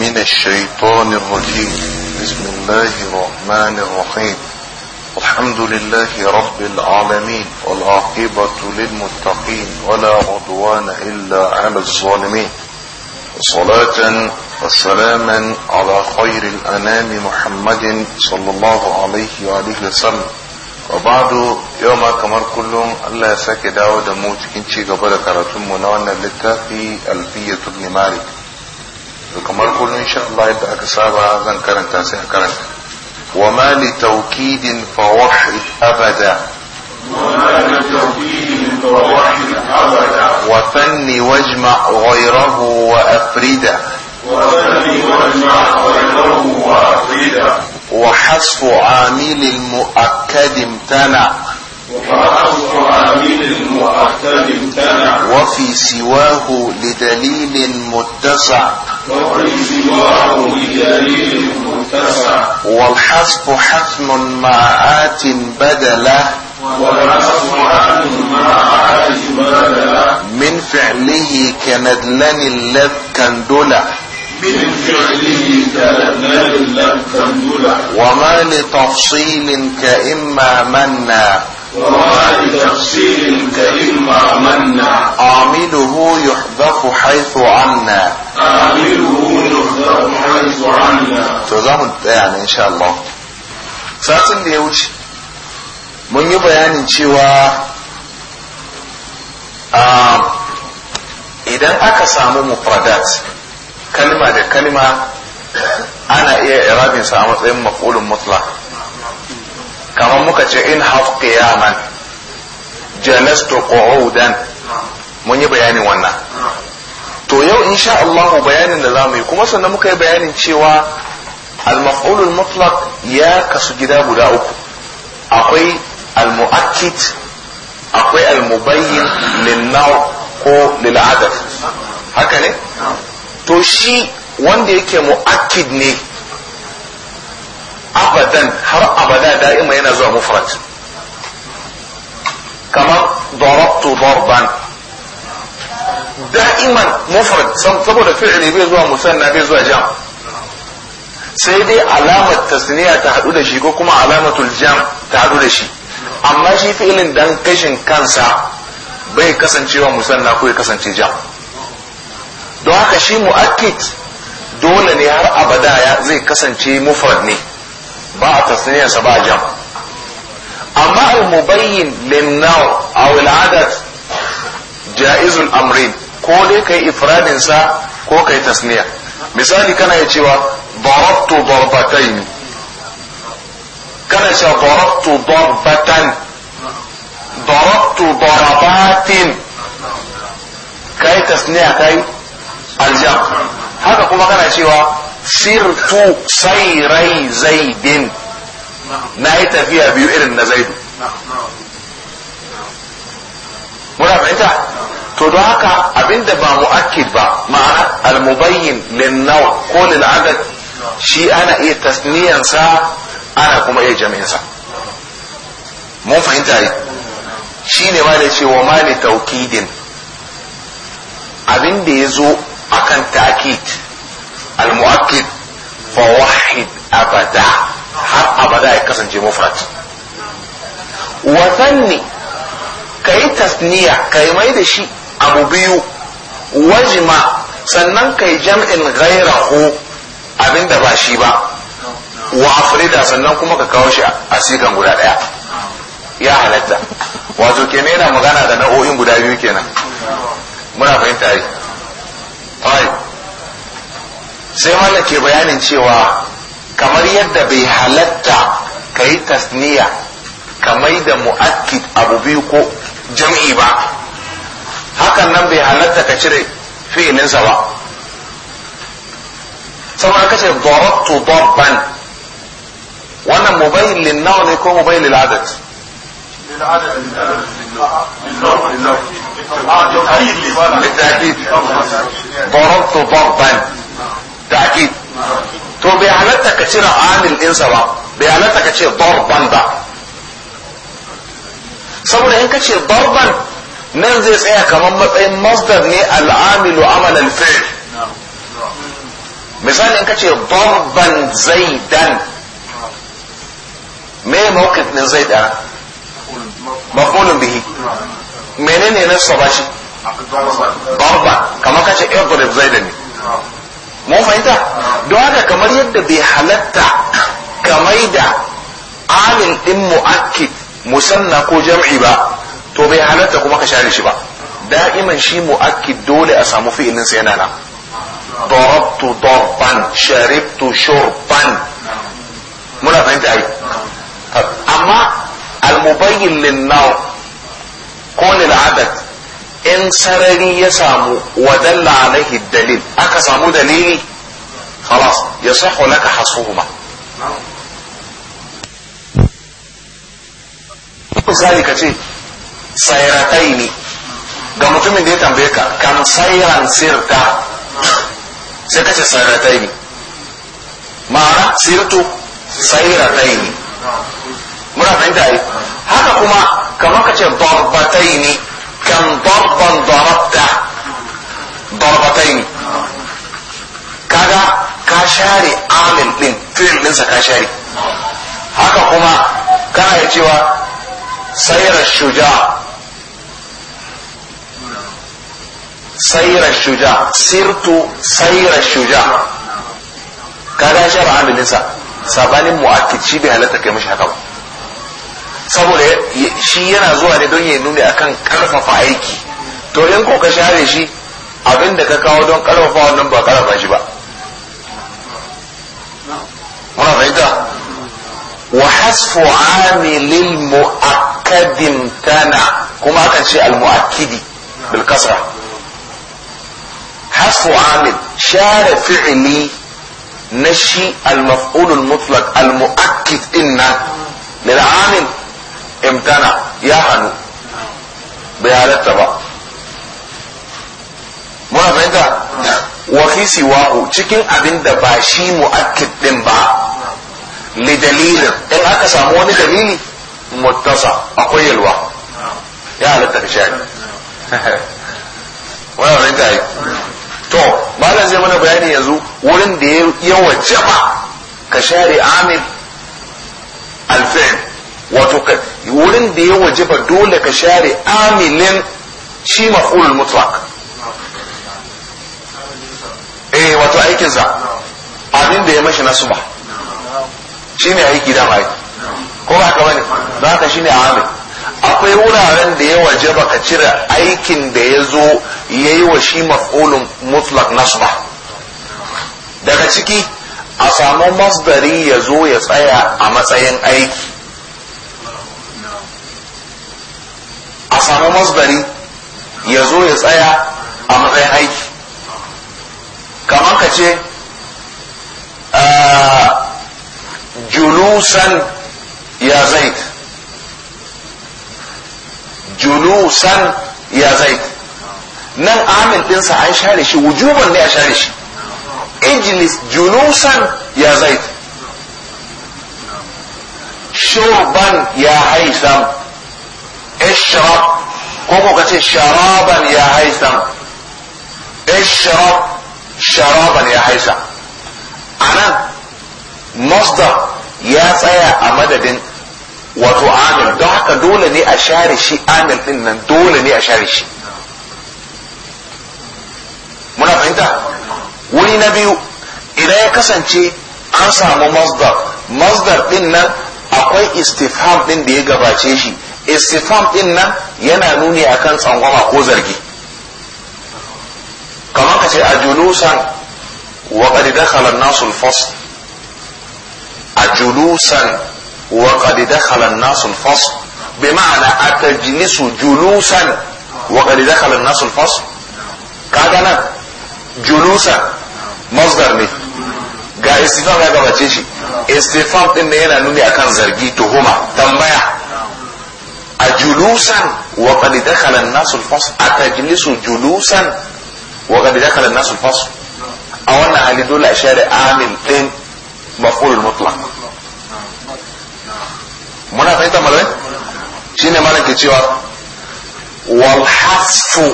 من الشيطان الرجيم بسم الله الرحمن الرحيم الحمد لله رب العالمين والعاقبة للمتقين ولا عدوان إلا على الظالمين صلاة وسلاما على خير الأنام محمد صلى الله عليه وآله وسلم وبعد يوم كمر كلهم الله يساك دعوة موت كنشي قبل كراتم ونوانا لتاقي ألفية ابن مالك to kamar kullum insha Allah yadda aka saba zan karanta sai a karanta wa ma li tawkidin fa wahid abada وفن واجمع غيره وأفرده وحذف عامل المؤكد امتنع فعرض عامل وأخذ امتنع وفي سواه لدليل متسع وفي سواه لدليل متسع والحذف حتم مع آت بدله من فعله كندلان اللب كندلة من فعله كندلان اللب كندلة وما لتفصيل كإما منا بتفصيل كريم عملنا عامله يحذف حيث عنا عامله يحذف حيث عنا to za mu tsaya ne satin da ya wuce mun yi bayanin cewa idan aka samu mufradat kalma da kalma ana iya irabinsa a matsayin maf'ulun mutlaq kamar muka ce in haf qiyaman jalastu qu'udan mun yi bayanin wannan to yau insha Allah bayanin da zamu yi kuma sannan muka yi bayanin cewa al-maf'ulul mutlaq ya kasu gida guda uku akwai al-mu'akkid akwai al-mubayyin lin ko lil-adad haka ne to shi wanda yake mu'akkid ne abadan har abada da'ima yana zuwa mufrad kamar darabtu darban da'iman mufrad saboda fi'li bai zuwa musanna bai zuwa jam sai dai alamar tasniya ta hadu da shi ko kuma alamatul jam ta hadu da shi amma shi filin dan kashin kansa bai kasancewa musanna ko ya kasance jam don haka shi mu'akkid dole ne har abada ya zai kasance mufrad ne ba a tasniyarsa ba a jam amma al-mubayyin lin a aw al-adad jaizul amrin ko dai kai ifradin sa ko kai tasniya misali kana ya cewa darabtu darbatayn kana cewa darabtu darbatan darabtu darabatin kai tasniya kai aljam haka kuma kana cewa sirtu sairai zaidin na yi tafiya biyu irin na zaidu muna fahimta to don haka abinda ba mu mu'akkid ba ma'ana almubayyin lin nawa ko lil shi ana iya tasniyansa ana kuma iya jami'insa mun fahimta ne shi ne ma da ce wa ma ne taukidin abinda ya zo akan ta'kid al-mu'akkid fa wahid abada har abada ya kasance mufrad wa thanni tasniya kai mai da shi abu biyu Wajima. sannan kai jam'in ko. abinda ba shi ba wa afrida sannan kuma ka kawo shi a sigan guda daya ya halatta wato kenan yana magana da nau'o'in guda biyu kenan muna fahimta yi sai mana ke bayanin cewa kamar yadda bai halatta ka yi tasniya kamar da mu'akkid abu biyu ko jam'i ba hakan nan bai halatta ka cire fi'ilinsa ba saboda kace darabtu darban wannan mubayyin lin naw ne ko mubayyin lil adad lil adad lil naw lil naw halatta ka cire amin ɗinsa ba bai halatta ka ce darban ba saboda in ka ce darban nan zai tsaya kamar matsayin masdar ne al'amilu amalan fi'l misali in ka ce darban zaidan me mawqif din zaida mafulun bihi menene ne ba shi darba kamar ka ce idrib zaidan ne mun fahimta don haka kamar yadda bai halatta kamar da alin din mu'akkid musanna ko jam'i ba to bai halatta kuma ka share shi ba da'iman shi mu'akkid dole a samu fi'ilin sa yana nan darabtu darban sharibtu shurban muna fahimta ai amma al-mubayyin lin ko lil in sarari ya samu wadalla alaihi dalil aka samu dalili خلاص يصح لك حصرهما misali ka ce sairatai ne ga mutumin da ya tambaye ka kam sairan sirta sai ka ce sairatai ne ma'ana sirtu sairatai ne muna fahimta yi haka kuma kamar ka ce barbatai ne كان ضربا ضربته ضربتين كذا كاشاري عامل من فين لنسى كاشاري هكا هما كان يجيوا سير الشجاع سير الشجاع سيرت سير الشجاع كذا شرع عامل لنسى ساباني مؤكد شبه بهالتك يا مش هكذا saboda shi yana zuwa ne don ya nuni akan karfafa aiki to in ko ka share shi abin da ka kawo don karfafa wannan ba karfafa shi ba muna fahimta wa hasfu amilil mu'akkadin tana kuma akan ce al mu'akkidi bil kasra hasfu amil share fi'li na shi al maf'ulul mutlaq al mu'akkid inna lil amil imtana ya hannu bai halatta ba muna fahimta wa fi siwahu cikin abin da ba shi mu'akkid din ba li dalilin in aka samu wani dalili muttasa akwai yalwa ya halatta ka shari wannan fahimta yi to malam zai mana bayani yanzu wurin da ya wajaba ka share amin alfin wato ka wurin da ya ba dole ka share amilin shi maf'ulul mutlaq eh wato aikinsa abin da ya mashi na suba shine aiki da mai ko ba haka bane shi ne shine amil akwai wuraren da ya wajaba ka cire aikin da ya zo ya yi wa shi maf'ulun na suma daga ciki a samu masdari ya zo ya tsaya a matsayin aiki a samu masdari ya zo ya tsaya a matsayin aiki kamar ka ce ah, julusan ya zaid julusan ya zaid nan amin ɗinsa an share shi wujuban ne a share shi ijlis julusan ya zaid shurban ya haisam ishrab ko ka ce sharaban ya haisa ishrab eh, sharaban ya haisa anan masdar ya tsaya a madadin wato amil don haka dole ne a share shi amil din nan dole ne a share shi muna fahimta wuri na biyu idan ya kasance an samu masdar masdar din nan akwai istifham din da ya gabace shi istifam din nan yana nuni akan tsangwama ko zargi kamar ka ce a julusan wa qad dakhala an fasl a julusan wa qad dakhala an-nasu ma'ana a bima'ana atajlisu julusan wa qad dakhala an-nasu fasl kaga nan julusan mazdar ne ga istifam ya gabace shi istifam din nan yana nuni akan zargi tuhuma tambaya أجلوسا وقد دخل الناس الفصل أتجلس جلوسا وقد دخل الناس الفصل أو أن أهل دول أشار عامل إن مفعول المطلق muna fahimta malamai shine malam ke cewa wal hasfu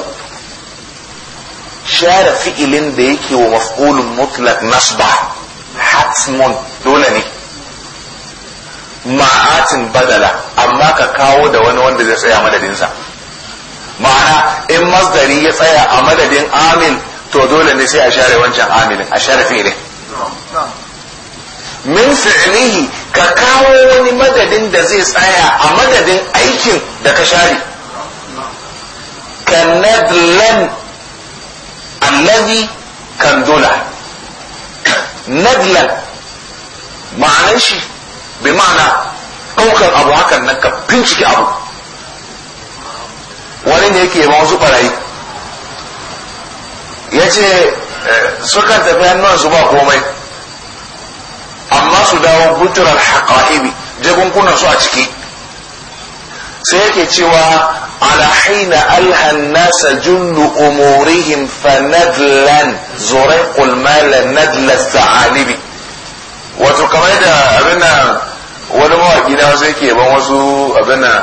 share fi'ilin da yake wa maf'ulun mutlaq nasba hasmun dole ne ma'atin badala amma ka kawo da wani wanda zai tsaya madadinsa ma'ana in masdari ya tsaya a madadin amin to dole ne sai a share wancan aminin a share fi'ilin min fi'ilihi ka kawo wani madadin da zai tsaya a madadin aikin da ka share kan nadlan allazi kan dola nadlan ma'anar shi bi ma'ana ɗaukar abu hakan nan ka bincike abu wani ne yake ma wasu ɓarayi ya ce eh, sukan tafi hannun su ba komai amma su dawo guturar haƙa'ibi jagungunan su a ciki sai yake cewa ala haina alhan nasa jullu umurihim fa nadlan zuraiqul mala nadla sa'alibi wato kamar da abin nan wani mawaƙi na wasu yake ban wasu abin nan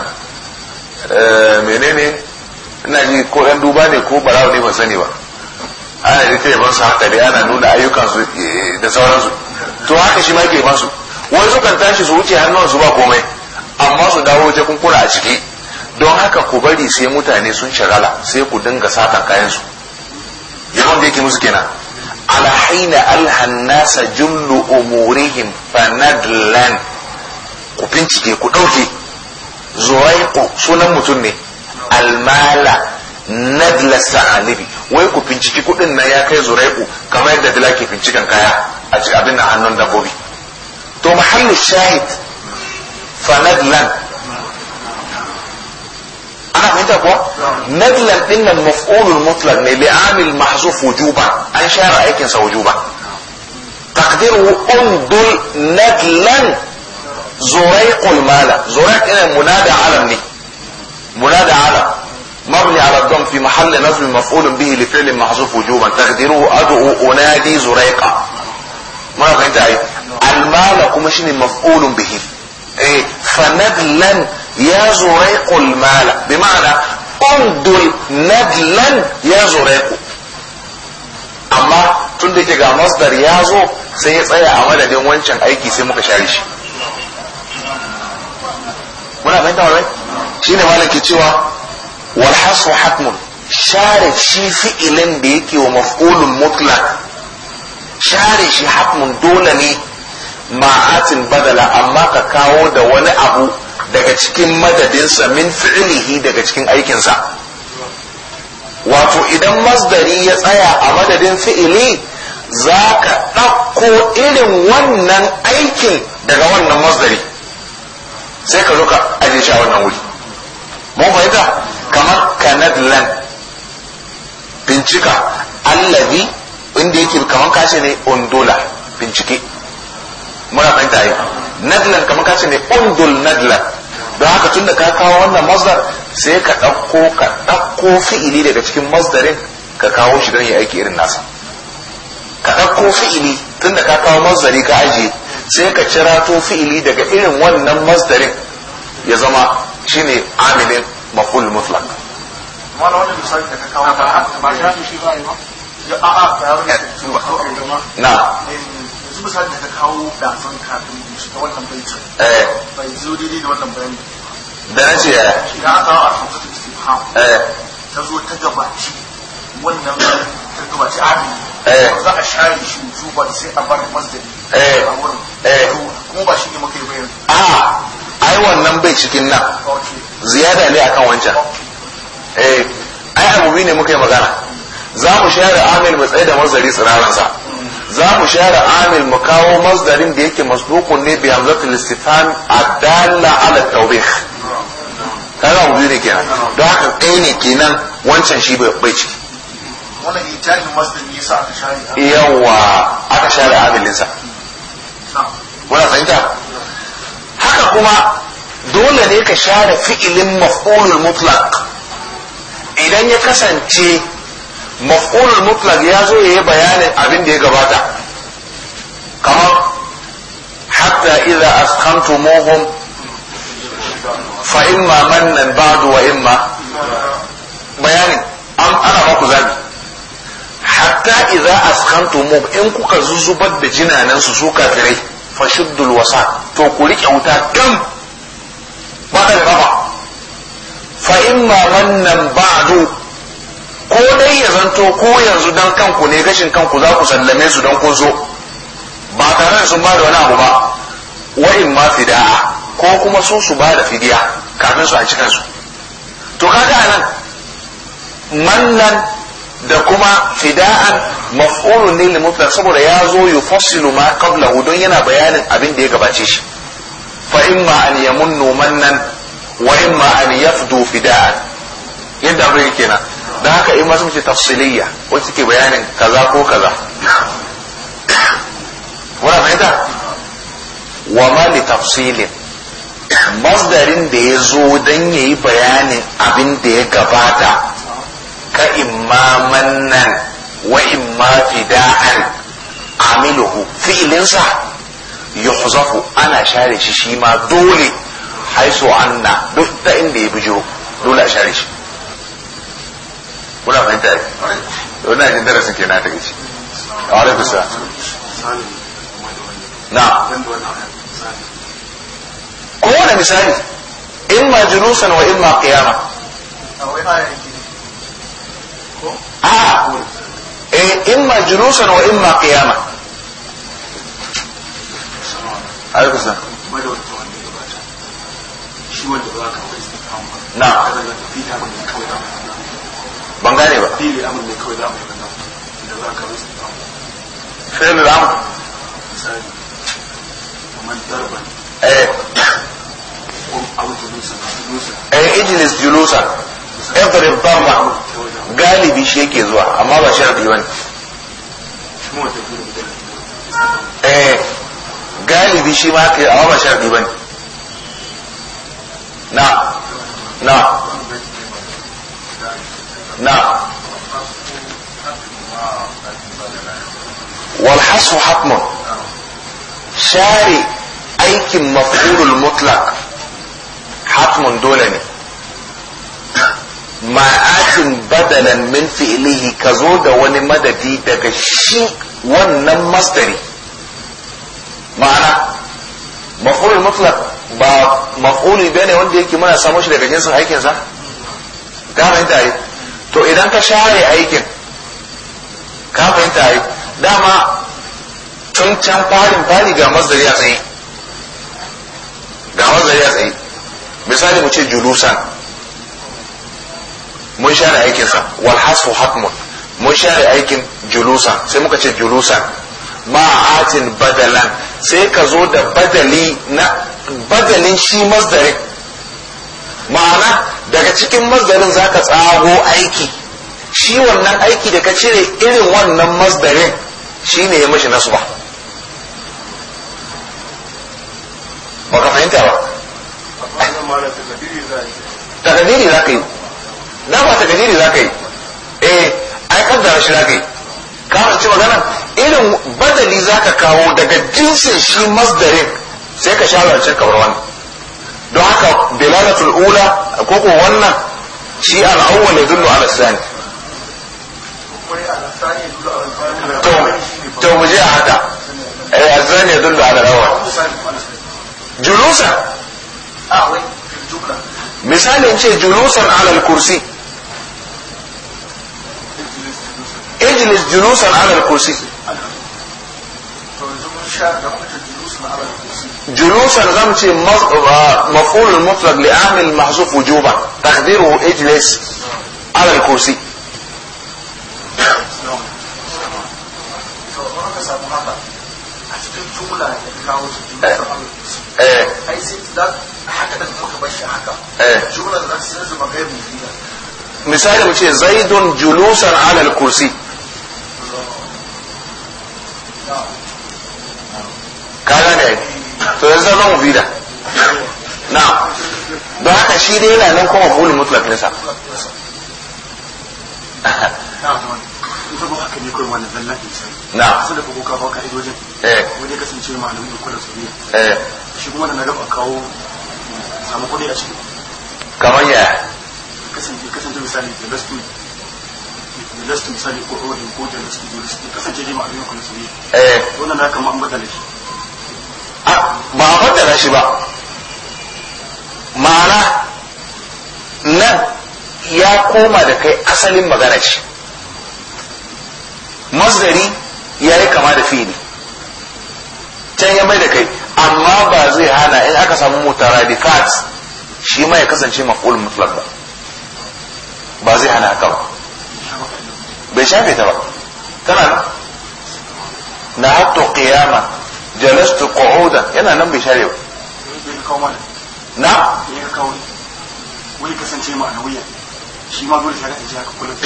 eh, menene ina ji ko yan duba ne ko barawo ne ban sani ba ana ita yaban su haka dai ana nuna ayyukansu eh, da sauransu to haka shi ma ke ban su wani kan tashi su wuce hannun su ba komai amma su dawo wajen kunkura a ciki don haka ku bari sai mutane sun shagala sai ku dinga satan kayan su yawan da yake musu kenan على Alhannasa ألهى الناس جل أمورهم ku bincike ku ɗauke zuwaiku sunan mutum ne almala nadla sa'alibi wai ku binciki kuɗin na ya kai zuraiku kamar yadda dila ke binciken kaya a cikin abin na hannun dabbobi to mahallin shahid fanadlan معنى إيه فهمت يا اخوان ندلا ان المفعول المطلق لعامل بعامل محذوف وجوبا an share aikin sa وجوبا تقديره اندل ندلا زريق المال زريق هنا إيه؟ منادى علم لي منادى علم مبني على الضم في محل نزل مفعول به لفعل محذوف وجوبا تقديره ادعو انادي زريقا ما فهمت ايه المال كما شيء مفعول به ايه فندلا ya يا زريق bi ma'ana اندل نجلا يا زريق amma tun da ke ga masdar ya zo sai ya tsaya a madadin wancan aiki sai muka share shi muna fahimta wai shine malam ke cewa wal hasu hatmun share shi fi'ilin da yake wa maf'ulun mutlaq share shi hatmun dole ne ma'atin badala amma ka kawo da wani abu daga cikin madadinsa min fi'ilihi daga cikin aikinsa wato idan masdari ya tsaya a madadin fi'ili za ka ɗauko irin wannan aikin daga wannan masdari sai ka zo ka aje shi a wannan wuri mun fahimta kamar kanadlan bincika allabi inda yake kamar kashe ne ondola bincike muna fahimta yi nadlan kamar kashe ne ondol nadlan don haka tun da ka kawo wannan mazdar sai ka ɗauko ka ɗauko fi'ili daga cikin masdarin ka kawo shi don ya aiki irin nasa ka ɗauko fi'ili tun da ka kawo mazdari ka ajiye sai ka cira to fi'ili daga irin wannan masdarin ya zama shine amilin maful mutlak na yanzu misali da ka kawo da kafin kafin shiga wannan baitin eh. bai zo daidai da wannan bayan da na ce ya eh. shi ya kawo a hamsatul istifham eh. ta zo ta gabaci wannan ta gabaci abin za a share shi zuban sai a bar masdari a wurin kuma ba shi ne muka yi bayan a ah, ai wannan bai cikin nan ziyada ne akan wancan eh ai abubi ne muka yi magana za mu share amil tsaye da mazari tsiraransa za mu share amil mu kawo masdarin da yake masdukun ne bi hamzatul istifham adalla ala tawbih kaga mu ne kenan don haka ɗaya ne kenan wancan shi bai ciki wannan ta masdar ne yasa aka share yawa aka share amilin sa wannan fahimta haka kuma dole ne ka share fi'ilin maf'ulul mutlaq idan ya kasance maf'ulul mutlaq ya zo yayi bayanin abin da ya gabata kamar hatta idza asqantumuhum fa imma mannan ba'du wa imma bayanin an ana maku zabi hatta idza asqantumuhum in kuka zuzubar da jinanan su su kafirai fa shiddul wasa to ku rike wuta gam ba ko dai ya zanto ko yanzu dan kanku ne gashin kanku za ku sallame su dan kun zo ba tare da sun ba da wani abu ba wa'in ma fida'a ko kuma su su ba da fidiya kafin su a cikin su to kaga anan mannan da kuma fida'an maf'ulun ne limutlaq saboda ya zo yufassilu ma qablahu don yana bayanin abin da ya gabace shi fa imma an yamunnu mannan wa imma an yafdu fida'an yadda abin kenan da haka in masu mace tafsiliya wacce ke bayanin kaza ko kaza mai ta wa ma li tafsilin masdarin da ya zo don ya yi bayanin abin da ya gabata ka imaman nan wa imma fida'an amiluhu fi'ilinsa yuhzafu ana share shi shi ma dole haisu anna duk da inda ya bijiro dole a share shi kuna fahimta ai na jin darasin kenan ta gici a wani kusa na ko wani misali in ma julusan wa in ma kiyama a eh, in ma julusan wa in ma kiyama a salam kusa na ban gane ba ne kawai za mu yi da za ka rusa eh. eh, galibi shi yake zuwa amma ba sharadi eh, galibi shi ma amma ba sharadi na na والحصر حتما شاري أيكم مفعول المطلق حتما دولني ما آتم بدلا من فعله كزودة ونمدة دي دك شيء ونم مصدري معنى مفعول المطلق با مفعول يباني وان دي ايكي مانا ساموش لك جنسا هيكي سا كام انت تو اذا انت شاري ايكي كام انت ايكي dama tun can farin fari ga mazari a tsaye ga mazdari a tsaye misali mu ce julusan mun share aikinsa wal hasu mun share aikin julusan sai muka ce julusan ma'atin badalan sai ka zo da badali na badalin shi mazdarin ma'ana daga cikin mazdarin za ka tsago aiki shi wannan aiki da ka cire irin wannan mazdarin shi ne ya mashi nasu ba ba ka fahimta ba takadiri za ka yi na ba takadiri za ka yi eh ai zara shi za ka yi kawai ci magana irin badali za ka kawo daga jinsin shi masdarin sai ka sha cin kamar wani don haka dilalatul ula ko ko wannan shi al'awwal ya dullu ala sani to توجيه ده الزان يدل على الاول جلوسا مثال انت جلوسا على الكرسي اجلس جلوسا على الكرسي جلوسا غمت مفعول المطلق لأعمل محذوف وجوبا تقديره اجلس على الكرسي kawo eh. eh ai sai da haka da muka bar shi haka eh. zama misali mu ce zaidun julusan alal kursi ka gane to yanzu zama mu bida na don haka shi dai yana nan kuma bulu mutlak nisa na'am na su da kuka kawo ka'idojin eh wani kasance malamin ko da soyayya eh shi kuma da na gaba kawo samu kuɗi a ciki kamar ya kasance kasance misali da lastu da lastu misali ko ɗorin ko da lastu da lastu kasance dai malamin ko da soyayya eh wannan na kama an badala shi a ah, ba a badala shi ba ma'ana nan ya koma da kai asalin magana ce masdari ya yi kama da fili can ya mai da kai amma ba zai hana in aka samu mutaradifat shi ma ya kasance maf'ul mutlaq ba ba zai hana haka ba bai shafe ta ba kana nan na hatta qiyama jalastu qu'uda yana nan bai share ba na ya kawai wani kasance ma'anawiya shi ma dole ta kasance haka kullum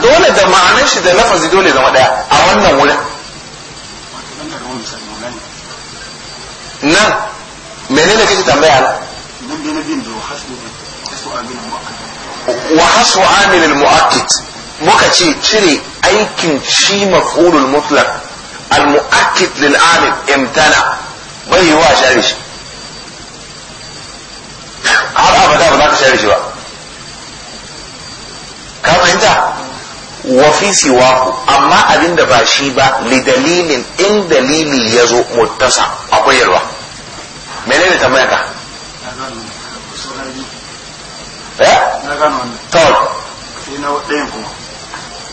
dole da ma'anar shi da lafazi dole zama daya a wannan wurin nan menene kake tambaya na wa hasu amil al mu'akkid muka ce cire aikin shi maf'ulul mutlaq al mu'akkid lil amil imtana bai yi wa share shi har abada ba za ka share shi ba ka fahimta wa fi amma abin da ba shi ba li dalilin in dalili ya zo muttasa akwai yalwa ne tambaya ka shi eh? na kuma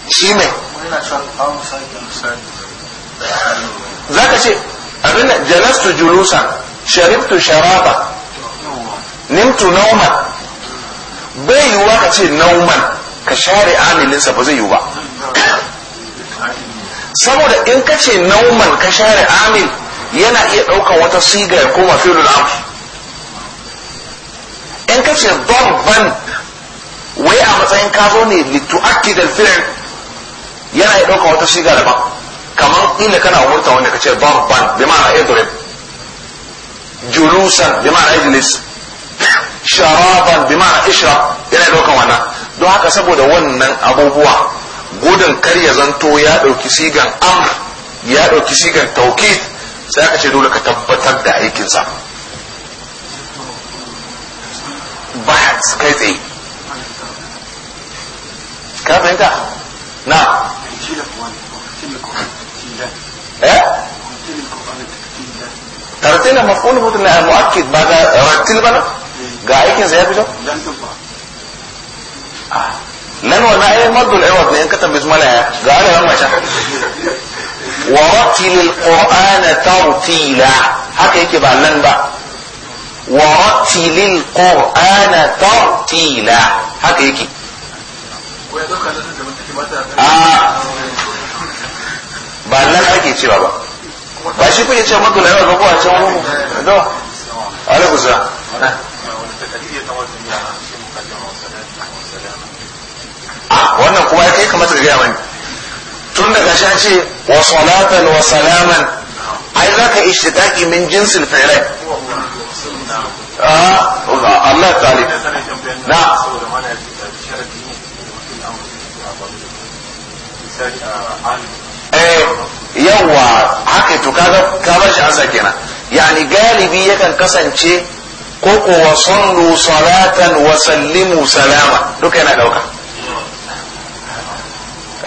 shi ne za ka ce abin da jalastu julusan sharibtu sharaba nimtu nauman bai yiwuwa ka ce nauman ka share amilinsa ba zai yiwu ba saboda in ka ce nauman ka share amin yana iya ɗaukan wata siga ya koma filin amr in ka ce ban wai a matsayin ka zo ne littu'akki da filin yana iya ɗaukan wata siga daban kamar inda kana umurta wanda ka ce ban bi ma'ana idrib julusan bi ma'ana ijlis sharaban bi ma'ana ishrab yana ɗaukan wannan don haka saboda wannan abubuwa gudun kar ya zanto ya ɗauki sigan amr ya ɗauki sigan taukid sai aka ce dole ka tabbatar da aikinsa ba kai tsaye ka fahimta na eh? tartila maf'ul mutum na mu'akkid ba ga ratil bana ga aikinsa ya fito nan wa ai mazul iwad ne in ka tambayi malaya ga ala ran mace wa rattilil qur'ana tartila haka yake ba nan ba wa rattilil qur'ana tartila haka yake ba nan ake cewa ba ba shi kuke cewa mazul iwad ba ko a can mu da alaikum wannan kuma ya kai kamata da gaya mani tun daga shi ce wa salatan wa salaman ai za ka ishtiqaqi min jinsil fi'lan ah, Allah ta'ala na eh yawa haka to kaga ka bar shi ansa kenan yani galibi yakan kasance ko ko wa sallu salatan wa sallimu salama duka yana dauka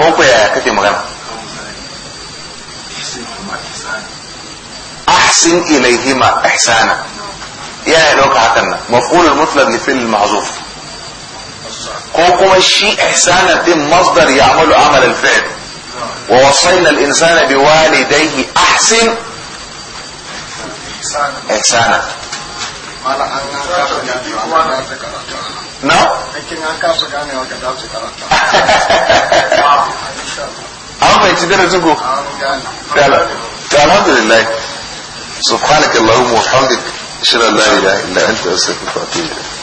ko ku yaya kake magana ahsin ilaihima ihsana ya ya dauka hakan nan maf'ulul mutlaq li fi'l mahzuf ko kuma shi ihsana din masdar ya'malu amal al-fi'l wa wasayna al-insana biwalidayhi ahsin ihsana mala an ka na? aikin an kasa ganewa ka za su karanta an fahimci darasin ko? ta alhamdulillah subhanakallahumma wa hamdik shirin la ilaha illa anta astaghfiruka wa atubu ilayk